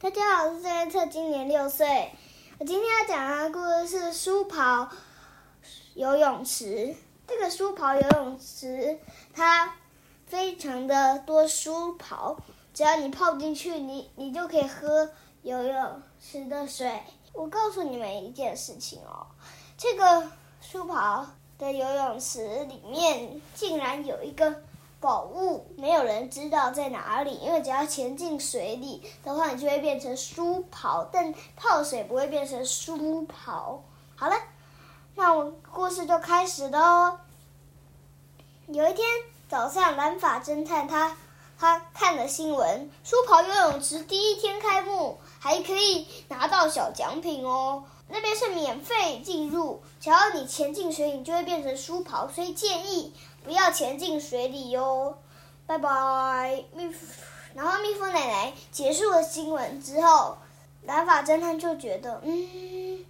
大家好，我是鄭元策，今年六歲。我今天要講的故事是書跑游泳池。這個書跑游泳池，它非常的多書跑，只要你泡進去，你你就可以喝游泳池的水。我告訴你們一件事情哦，這個書跑的游泳池裡面竟然有一個。寶物沒有人知道在哪裡，因為只要潛進水裡的話，你就會變成書跑，但泡水不會變成書跑。好了，那我故事就開始了哦。有一天早上，藍髮偵探他他看了新聞，書跑游泳池第一天開幕，還可以拿到小獎品哦。那邊是免費進入，只要你潛進水，你就會變成書跑，所以建議。不要潛進水裡喲，拜拜，蜜蜂。然後蜜蜂奶奶結束了新聞之後，藍髮偵探就覺得，嗯，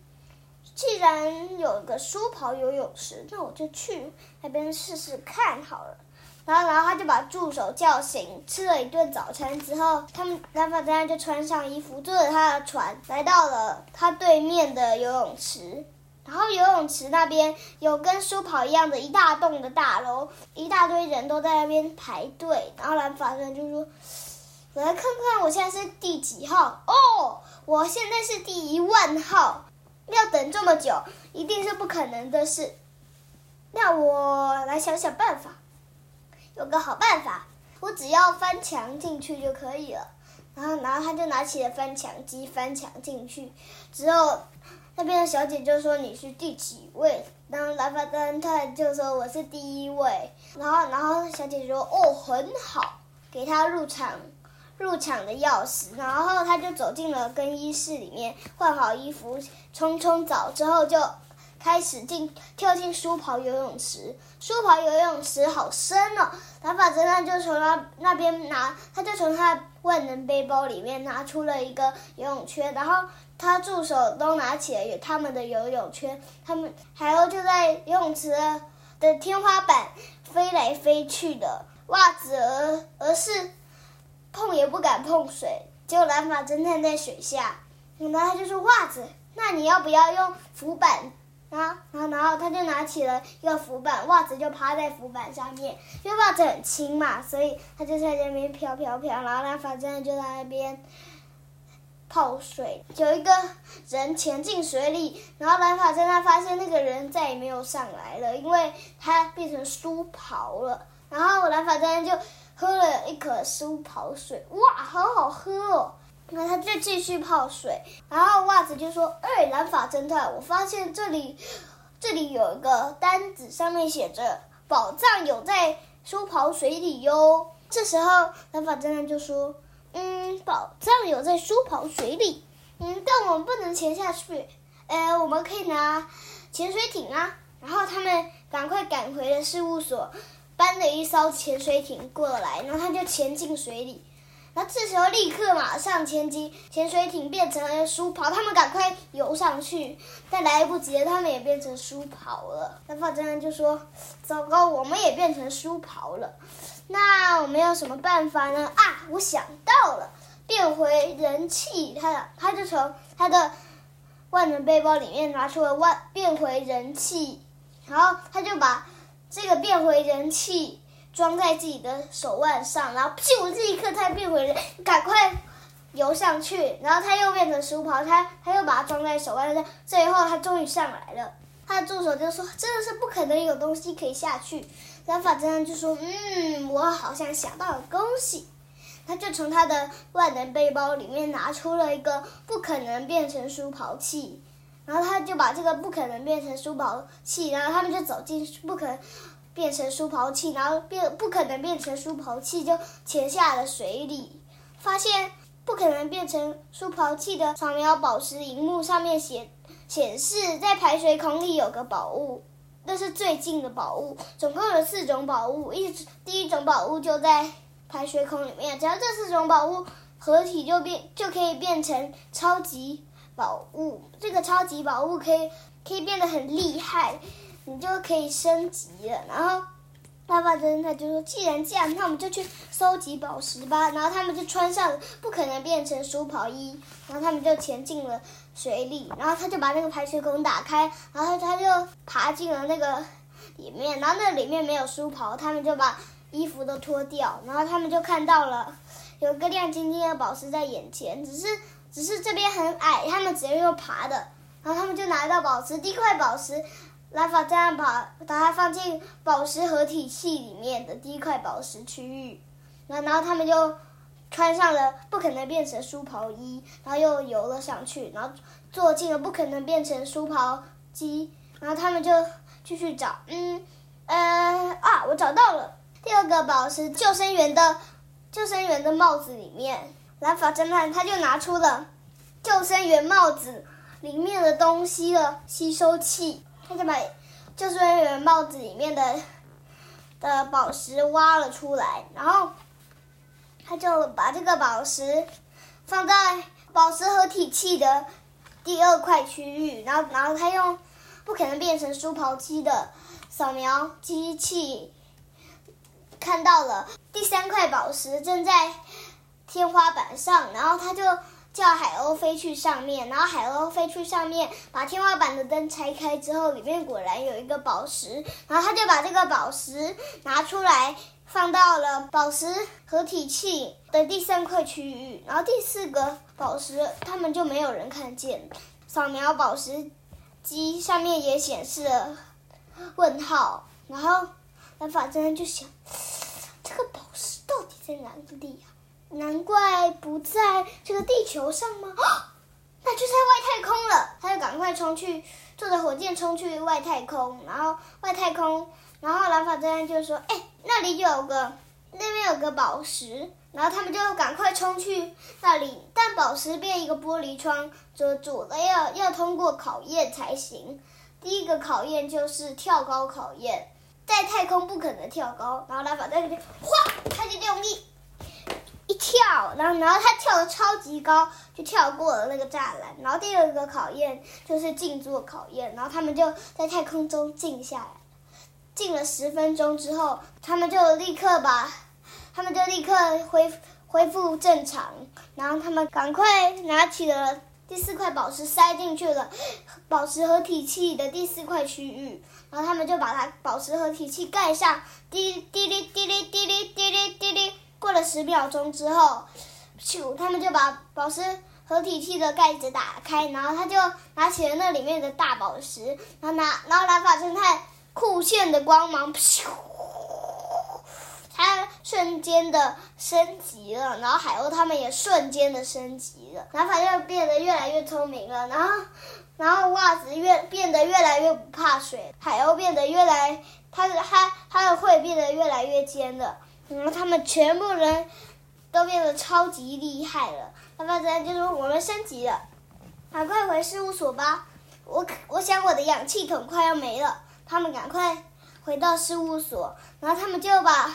既然有個書跑游泳池，那我就去那邊試試看好了。然後，然後他就把助手叫醒，吃了一頓早餐之後，他們藍髮偵探就穿上衣服，坐着他的船，來到了他對面的游泳池。然後游泳池那邊有跟書跑一樣的一大棟的大樓，一大堆人都在那邊排隊。然後藍髮官就說：“我來看看我現在是第幾號哦，我現在是第一萬號，要等這麼久一定是不可能的事。那我來想想辦法，有個好辦法，我只要翻牆進去就可以了。”然後，然後他就拿起了翻牆機翻牆進去，之後。那邊的小姐就說，你是第幾位？然後藍髮偵探就說，我是第一位。然後然後小姐就說哦很好，給他入場入場的鑰匙，然後他就走進了更衣室裡面，換好衣服，沖沖澡之後就，開始進跳進書跑游泳池，書跑游泳池好深哦！藍髮偵探就從那那邊拿，他就從他萬能背包裡面拿出了一個游泳圈，然後他助手都拿起了他們的游泳圈，他們還要就在游泳池的天花板飛來飛去的襪子而，而而是碰也不敢碰水，就藍髮偵探在水下，然後他就是襪子。那你要不要用浮板？然、啊、後、啊啊，然後他就拿起了一個浮板，襪子就趴在浮板上面，因為襪子很輕嘛，所以他就在那邊飄飄飄。然後藍髮偵就在那邊泡水，有一個人潛進水裡，然後藍髮偵他發現那個人再也沒有上來了，因為他變成書跑了。然後藍髮偵就喝了一口書跑水，哇，好好喝！哦。那他就繼續泡水，然後襪子就說：“哎，藍髮偵探，我發現這裡，這裡有一個單子，上面寫着寶藏有在書跑水裡喲。”這時候藍髮偵探就說：“嗯，寶藏有在書跑水裡，嗯，但我們不能潛下去，呃，我們可以拿潛水艇啊。”然後他們趕快趕回了事務所，搬了一艘潛水艇過來，然後他就潛進水裡。那這時候立刻馬上前進潛水艇，變成了書跑，他們趕快游上去，但來不及，他們也變成書跑了。那髮夾男就說：“糟糕，我們也變成書跑了，那我們有什麼辦法呢？”啊，我想到了，變回人氣，他他就從他的萬能背包裡面拿出了萬變回人氣，然後他就把這個變回人氣。裝在自己的手腕上，然後屁股這一刻它變回來，趕快游上去，然後他又變成書跑，他他又把它裝在手腕上，最後他終於上來了。他的助手就說：“真的是不可能有東西可以下去。”然後髮偵探就說：“嗯，我好像想到了東西。”他就從他的萬能背包裡面拿出了一個不可能變成書跑器，然後他就把這個不可能變成書跑器，然後他們就走進去不可能。變成書跑器，然後變不可能變成書跑器，就潛下了水裡，發現不可能變成書跑器的掃描寶石熒幕上面顯顯示在排水孔裡有個寶物，那是最近的寶物，總共有四種寶物，一第一種寶物就在排水孔裡面，只要這四種寶物合體就變就可以變成超級寶物，這個超級寶物可以可以變得很厲害。你就可以升級了。然後，爸爸真的就說：“既然這樣，那我們就去收集寶石吧。”然後他們就穿上不可能變成書跑衣。然後他們就潛進了水裡。然後他就把那個排水孔打開。然後他就爬進了那個裡面。然後那裡面沒有書跑，他們就把衣服都脫掉。然後他們就看到了，有一個亮晶晶的寶石在眼前。只是，只是這邊很矮，他們只能用爬的。然後他們就拿到寶石，第一塊寶石。藍髮偵探把把它放進寶石合體器裡面的第一塊寶石區域，然後，然後他們就穿上了不可能變成書跑衣，然後又游了上去，然後坐進了不可能變成書跑機，然後他們就繼續找，嗯，呃啊，我找到了第二個寶石，救生員的救生員的帽子裡面，藍髮偵探他就拿出了救生員帽子裡面的東西的吸收器。他就把就是帽子裡面的的寶石挖了出來，然後他就把這個寶石放在寶石合體器的第二塊區域，然後然後他用不可能變成書跑機的掃描機器看到了第三塊寶石正在天花板上，然後他就。叫海鷗飛去上面，然後海鷗飛去上面，把天花板的燈拆開之後，裡面果然有一個寶石。然後他就把這個寶石拿出來，放到了寶石合體器的第三塊區域。然後第四個寶石，他們就沒有人看見。掃描寶石機上面也顯示了問號。然後藍髮偵探就想，這個寶石到底在哪裡呀、啊？難怪不在這個地球上嗎？哦！那就在外太空了。他就趕快衝去，坐着火箭衝去外太空。然後外太空，然後藍髮偵探就說：“哎，那裡就有個，那邊有個寶石。”然後他們就趕快衝去那裡，但寶石變一個玻璃窗，做主的要要通過考驗才行。第一個考驗就是跳高考驗，在太空不可能跳高。然後藍髮在裡面，嘩，他就用力。跳，然後，然後他跳得超級高，就跳過了那個柵欄。然後第二個考驗就是靜坐考驗。然後他們就在太空中靜下來了。靜了十分鐘之後，他們就立刻把，他們就立刻恢恢復正常。然後他們趕快拿起了第四塊寶石，塞進去了寶石合體器的第四塊區域。然後他們就把它寶石合體器蓋上，滴滴哩滴滴哩滴滴哩滴滴哩。滴滴滴滴滴滴滴滴過了十秒鐘之後，咻！他們就把寶石合體器的蓋子打開，然後他就拿起了那裡面的大寶石，然後拿，然後藍髮生態酷炫的光芒，咻！它瞬間的升級了，然後海鷗他們也瞬間的升級了，藍髮就變得越來越聰明了，然後，然後襪子越變得越來越不怕水，海鷗變得越來，它的它它的喙變得越來越尖的。然後他們全部人都變得超級厲害了。他發現就說，我們升級了，趕快回事務所吧。我我想我的氧氣桶快要沒了。他們趕快回到事務所，然後他們就把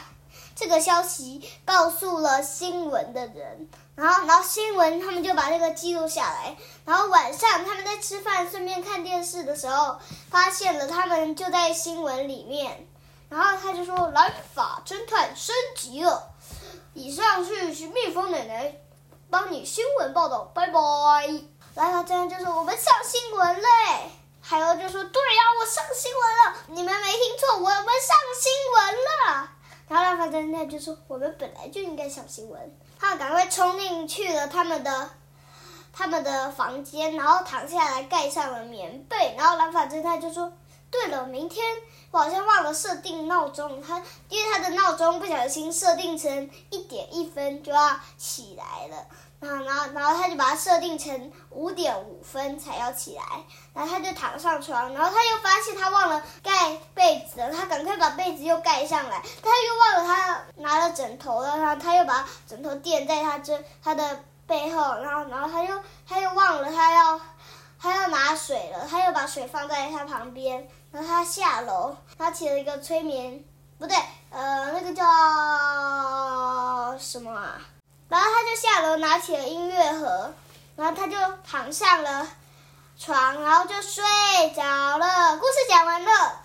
這個消息告訴了新聞的人。然後然後新聞他們就把這個記錄下來。然後晚上他們在吃飯順便看電視的時候，發現了他們就在新聞裡面。然後他就說：“藍髮偵探升級了。”以上是蜜蜂奶奶幫你新聞報道，拜拜。藍髮偵探就說：“我們上新聞嘞、欸！”還有就說：“對呀、啊，我上新聞了，你們沒聽錯，我們上新聞了。”然後藍髮偵探就說：“我們本來就應該上新聞。”他趕快衝進去了他們的他們的房間，然後躺下來蓋上了棉被。然後藍髮偵探就說：“對了，明天。”我好像忘了設定鬧鐘，他因為他的鬧鐘不小心設定成一點一分就要起來了，然後然後然後他就把它設定成五點五分才要起來，然後他就躺上床，然後他又發現他忘了蓋被子了，他趕快把被子又蓋上來，他又忘了他拿了枕頭了，然後他又把枕頭墊在他這他的背後，然後然後他又他又忘了。水了，他又把水放在他旁邊，然後他下樓拿起了一個催眠，不對，呃，那個叫什麼？啊，然後他就下樓拿起了音樂盒，然後他就躺上了床，然後就睡着了。故事講完了，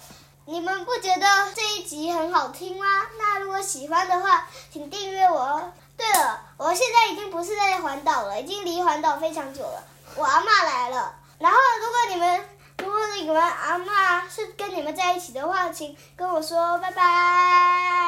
你們不覺得這一集很好聽嗎？那如果喜歡的話，請訂閱我哦。對了，我現在已經不是在環島了，已經離環島非常久了。我阿嬤來了。然後，如果你們，如果你們阿媽是跟你們在一起的話，請跟我說拜拜。